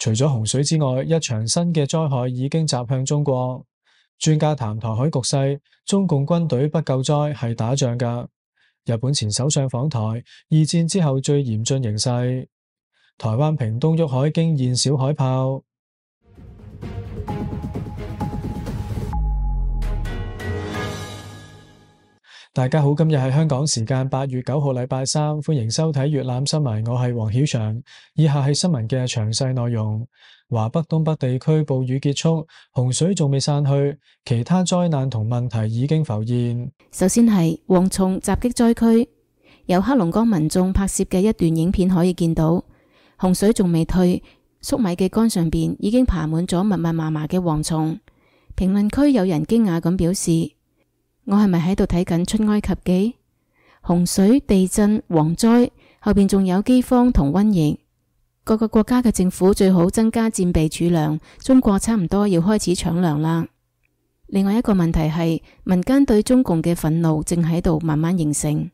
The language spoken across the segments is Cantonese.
除咗洪水之外，一場新嘅災害已經襲向中國。專家談台海局勢，中共軍隊不救災係打仗㗎。日本前首相訪台，二戰之後最嚴峻形勢。台灣屏東旭海驚現小海豹。 大家好，今日係香港時間八月九號，禮拜三，歡迎收睇粵覽新聞，我係黃曉翔，以下係新聞嘅詳細內容：華北東北地區暴雨結束，洪水仲未散去，其他災難同問題已經浮現。首先係蝗蟲襲擊災區，由黑龍江民眾拍攝嘅一段影片可以見到，洪水仲未退，粟米嘅杆上邊已經爬滿咗密密麻麻嘅蝗蟲。評論區有人驚訝咁表示。我係咪喺度睇緊《出埃及記》？洪水、地震、蝗災，後邊仲有饑荒同瘟疫。各個國家嘅政府最好增加戰備儲糧。中國差唔多要開始搶糧啦。另外一個問題係民間對中共嘅憤怒正喺度慢慢形成。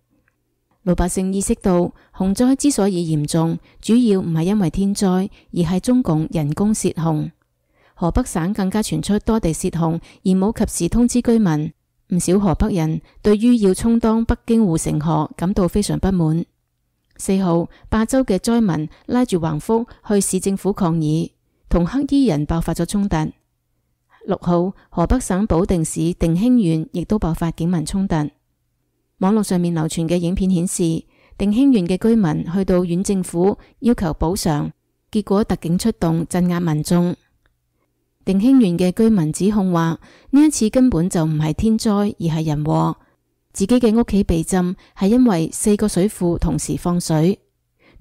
老百姓意識到洪災之所以嚴重，主要唔係因為天災，而係中共人工泄洪。河北省更加傳出多地泄洪而冇及時通知居民。唔少河北人對於要充當北京護城河感到非常不滿。四號，霸州嘅災民拉住橫幅去市政府抗議，同黑衣人爆發咗衝突。六號，河北省保定市定興縣亦都爆發警民衝突。網絡上面流傳嘅影片顯示，定興縣嘅居民去到縣政府要求補償，結果特警出動鎮壓民眾。定興縣嘅居民指控話，呢一次根本就唔係天災，而係人禍。自己嘅屋企被浸係因為四個水庫同時放水，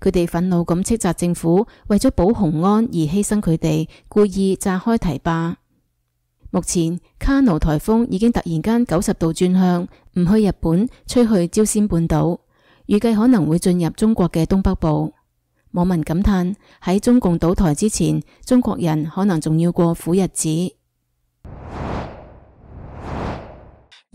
佢哋憤怒咁斥責政府為咗保雄安而犧牲佢哋，故意炸開堤壩。目前卡努台風已經突然間九十度轉向，唔去日本，吹去朝鮮半島，預計可能會進入中國嘅東北部。網民感嘆，喺中共倒台之前，中國人可能仲要過苦日子。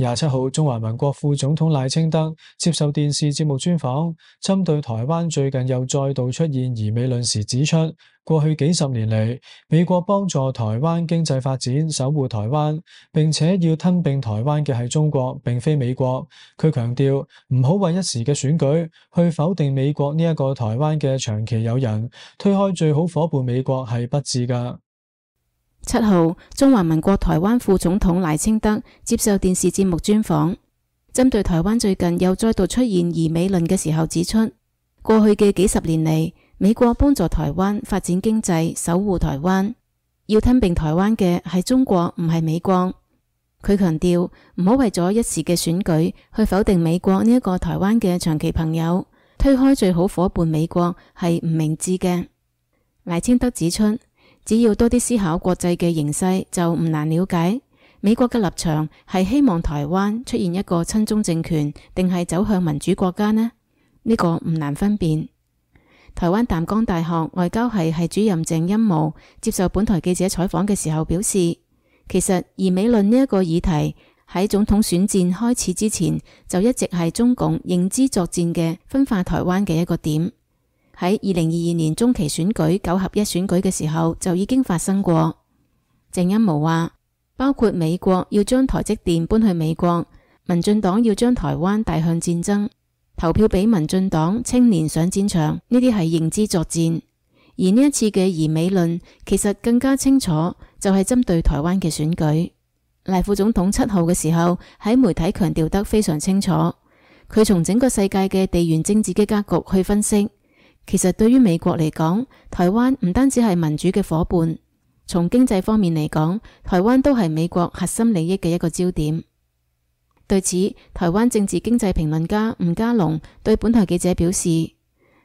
廿七號，中華民國副總統賴清德接受電視節目專訪，針對台灣最近又再度出現疑美論時指出，過去幾十年嚟，美國幫助台灣經濟發展、守護台灣，並且要吞併台灣嘅係中國，並非美國。佢強調唔好為一時嘅選舉去否定美國呢一個台灣嘅長期友人，推開最好伙伴美國係不智噶。七號，中華民國台灣副總統賴清德接受電視節目專訪，針對台灣最近又再度出現疑美論嘅時候指出，過去嘅幾十年嚟，美國幫助台灣發展經濟，守護台灣，要吞併台灣嘅係中國，唔係美國。佢強調唔好為咗一時嘅選舉去否定美國呢一個台灣嘅長期朋友，推開最好伙伴美國係唔明智嘅。賴清德指出。只要多啲思考國際嘅形勢，就唔難了解美國嘅立場係希望台灣出現一個親中政權，定係走向民主國家呢？呢，呢個唔難分辨。台灣淡江大學外交系系主任鄭欽模接受本台記者採訪嘅時候表示，其實而美論呢一個議題喺總統選戰開始之前就一直係中共認知作戰嘅分化台灣嘅一個點。喺二零二二年中期選舉九合一選舉嘅時候就已經發生過。鄭恩無話，包括美國要將台積電搬去美國，民進黨要將台灣帶向戰爭，投票俾民進黨青年上戰場，呢啲係認知作戰。而呢一次嘅移美論其實更加清楚，就係針對台灣嘅選舉。賴副總統七號嘅時候喺媒體強調得非常清楚，佢從整個世界嘅地緣政治嘅格局去分析。其實對於美國嚟講，台灣唔單止係民主嘅夥伴，從經濟方面嚟講，台灣都係美國核心利益嘅一個焦點。對此，台灣政治經濟評論家吳家龍對本台記者表示，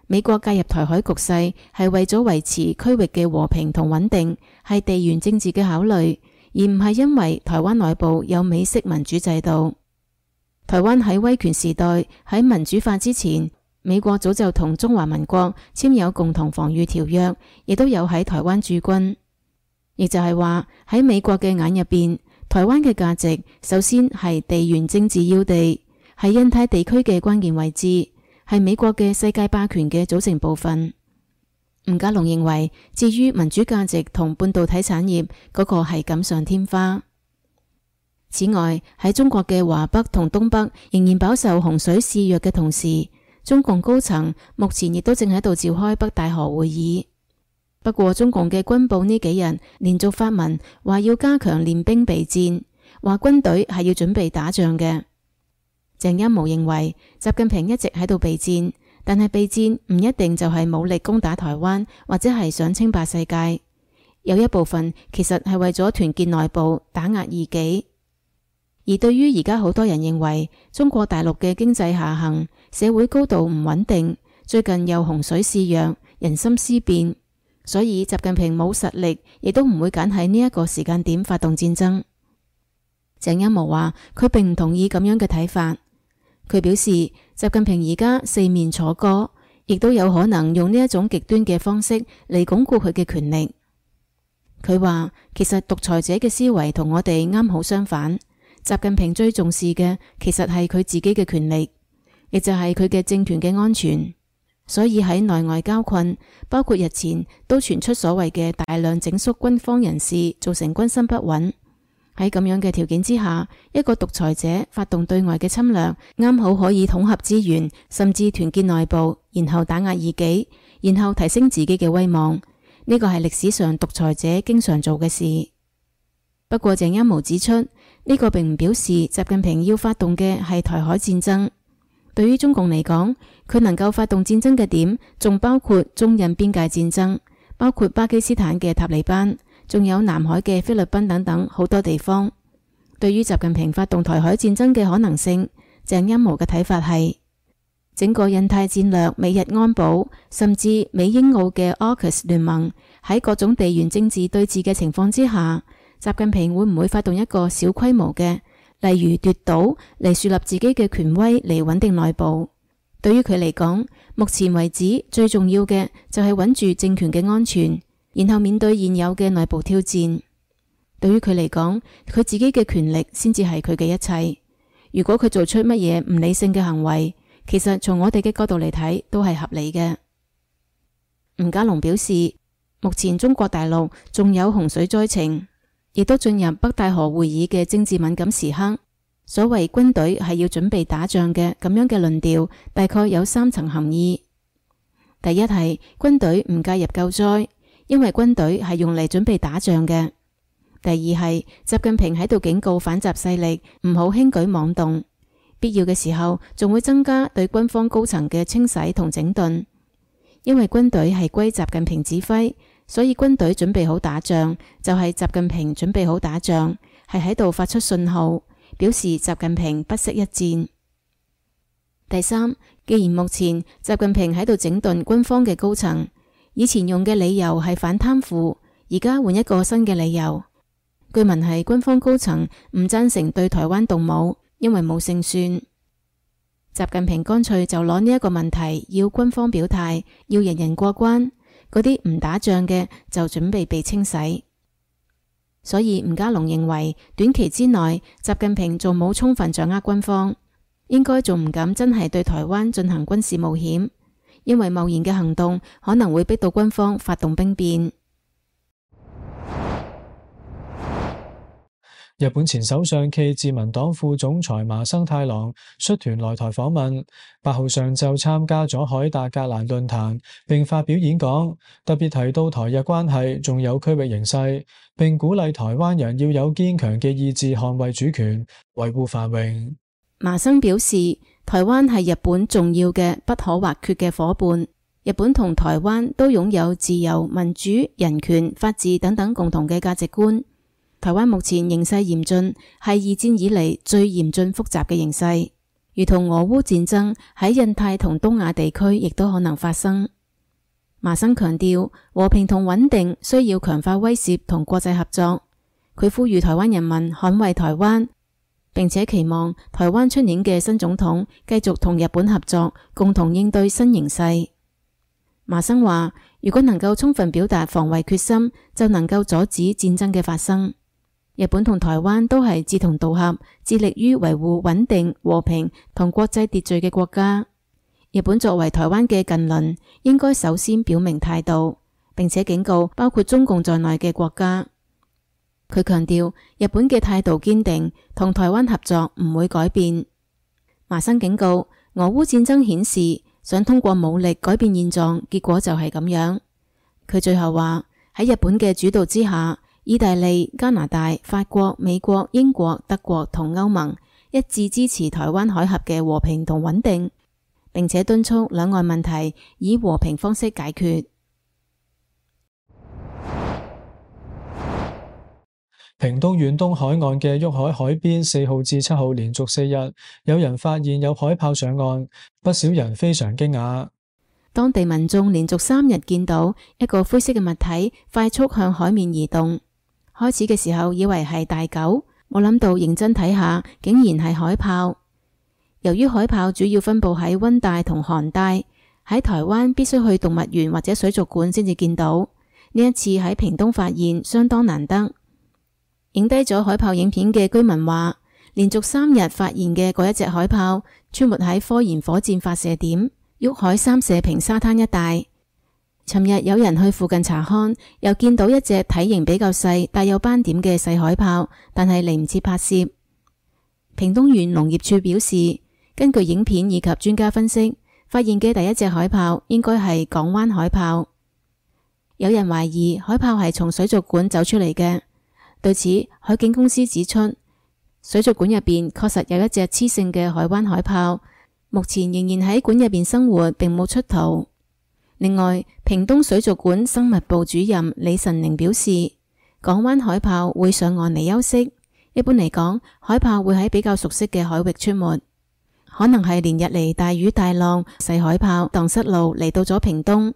美國介入台海局勢係為咗維持區域嘅和平同穩定，係地緣政治嘅考慮，而唔係因為台灣內部有美式民主制度。台灣喺威權時代，喺民主化之前。美國早就同中華民國簽有共同防禦條約，亦都有喺台灣駐軍，亦就係話喺美國嘅眼入邊，台灣嘅價值首先係地緣政治要地，係印太地區嘅關鍵位置，係美國嘅世界霸權嘅組成部分。吳家龍認為，至於民主價值同半導體產業，嗰個係錦上添花。此外，喺中國嘅華北同東北仍然飽受洪水肆虐嘅同時，中共高層目前亦都正喺度召開北大河會議，不過中共嘅軍部呢幾日連續發文，話要加強練兵備戰，話軍隊係要準備打仗嘅。鄭欣模認為，習近平一直喺度備戰，但係備戰唔一定就係武力攻打台灣，或者係想稱霸世界，有一部分其實係為咗團結內部，打壓異己。而對於而家好多人認為中國大陸嘅經濟下行，社會高度唔穩定，最近又洪水肆虐，人心思變，所以習近平冇實力，亦都唔會揀喺呢一個時間點發動戰爭。鄭一模話，佢並唔同意咁樣嘅睇法。佢表示，習近平而家四面楚歌，亦都有可能用呢一種極端嘅方式嚟鞏固佢嘅權力。佢話，其實獨裁者嘅思維同我哋啱好相反。習近平最重視嘅，其實係佢自己嘅權力，亦就係佢嘅政權嘅安全。所以喺內外交困，包括日前都傳出所謂嘅大量整肅軍方人士，造成軍心不穩。喺咁樣嘅條件之下，一個獨裁者發動對外嘅侵略，啱好可以統合資源，甚至團結內部，然後打壓異己，然後提升自己嘅威望。呢個係歷史上獨裁者經常做嘅事。不過鄭欽模指出，呢個並唔表示習近平要發動嘅係台海戰爭。對於中共嚟講，佢能夠發動戰爭嘅點，仲包括中印邊界戰爭，包括巴基斯坦嘅塔利班，仲有南海嘅菲律賓等等好多地方。對於習近平發動台海戰爭嘅可能性，鄭欣模嘅睇法係整個印太戰略、美日安保，甚至美英澳嘅 AUKUS 聯盟喺各種地緣政治對峙嘅情況之下。習近平會唔會發動一個小規模嘅，例如奪島嚟樹立自己嘅權威，嚟穩定內部？對於佢嚟講，目前為止最重要嘅就係穩住政權嘅安全，然後面對現有嘅內部挑戰。對於佢嚟講，佢自己嘅權力先至係佢嘅一切。如果佢做出乜嘢唔理性嘅行為，其實從我哋嘅角度嚟睇都係合理嘅。吳家龍表示，目前中國大陸仲有洪水災情。亦都進入北戴河會議嘅政治敏感時刻。所謂軍隊係要準備打仗嘅，咁樣嘅論調大概有三層含義：第一係軍隊唔介入救災，因為軍隊係用嚟準備打仗嘅；第二係習近平喺度警告反習勢力唔好輕舉妄動，必要嘅時候仲會增加對軍方高層嘅清洗同整頓，因為軍隊係歸習近平指揮。所以軍隊準備好打仗，就係習近平準備好打仗，係喺度發出信號，表示習近平不惜一戰。第三，既然目前習近平喺度整頓軍方嘅高層，以前用嘅理由係反貪腐，而家換一個新嘅理由，據聞係軍方高層唔贊成對台灣動武，因為冇勝算。習近平乾脆就攞呢一個問題要軍方表態，要人人過關。嗰啲唔打仗嘅就準備被清洗，所以吳家龍認為，短期之內，習近平仲冇充分掌握軍方，應該仲唔敢真係對台灣進行軍事冒險，因為貿然嘅行動可能會逼到軍方發動兵變。日本前首相暨自民黨副總裁麻生太郎率團來台訪問，八號上晝參加咗凱達格蘭論壇，並發表演講，特別提到台日關係仲有區域形勢，並鼓勵台灣人要有堅強嘅意志，捍衛主權，維護繁榮。麻生表示，台灣係日本重要嘅不可或缺嘅夥伴，日本同台灣都擁有自由、民主、人權、法治等等共同嘅價值觀。台灣目前形勢嚴峻，係二戰以嚟最嚴峻複雜嘅形勢。如同俄烏戰爭喺印太同東亞地區，亦都可能發生。麻生強調和平同穩定需要強化威懾同國際合作。佢呼籲台灣人民捍衛台灣，並且期望台灣出年嘅新總統繼續同日本合作，共同應對新形勢。麻生話：如果能夠充分表達防衛決心，就能夠阻止戰爭嘅發生。日本同台灣都係志同道合，致力於維護穩定、和平同國際秩序嘅國家。日本作為台灣嘅近鄰，應該首先表明態度，並且警告包括中共在內嘅國家。佢強調日本嘅態度堅定，同台灣合作唔會改變。麻生警告，俄烏戰爭顯示，想通過武力改變現狀，結果就係咁樣。佢最後話，喺日本嘅主導之下。意大利、加拿大、法國、美國、英國、德國同歐盟一致支持台灣海峽嘅和平同穩定，並且敦促兩岸問題以和平方式解決。屏東縣東海岸嘅旭海海邊，四號至七號連續四日，有人發現有海豹上岸，不少人非常驚訝。當地民眾連續三日見到一個灰色嘅物體快速向海面移動。開始嘅時候以為係大狗，我諗到認真睇下，竟然係海豹。由於海豹主要分布喺溫帶同寒帶，喺台灣必須去動物園或者水族館先至見到。呢一次喺屏東發現，相當難得。影低咗海豹影片嘅居民話，連續三日發現嘅嗰一隻海豹，出沒喺科研火箭發射點、旭海三射平沙灘一帶。昨日有人去附近查看，又見到一隻體型比較細、帶有斑點嘅細海豹，但係嚟唔切拍攝。屏東縣農業處表示，根據影片以及專家分析，發現嘅第一隻海豹應該係港灣海豹。有人懷疑海豹係從水族館走出嚟嘅，對此海景公司指出，水族館入邊確實有一隻雌性嘅海灣海豹，目前仍然喺館入邊生活並，並冇出逃。另外，屏東水族館生物部主任李晨寧表示，港灣海豹會上岸嚟休息。一般嚟講，海豹會喺比較熟悉嘅海域出沒，可能係連日嚟大雨大浪，細海豹蕩失路嚟到咗屏東。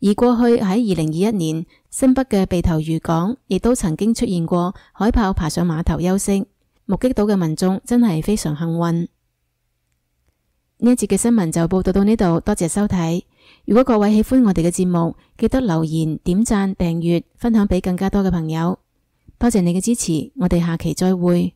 而過去喺二零二一年，新北嘅鼻頭漁港亦都曾經出現過海豹爬上碼頭休息，目擊到嘅民眾真係非常幸運。呢一節嘅新聞就報道到呢度，多謝收睇。如果各位喜歡我哋嘅節目，記得留言、點讚、訂閱、分享俾更加多嘅朋友。多謝你嘅支持，我哋下期再會。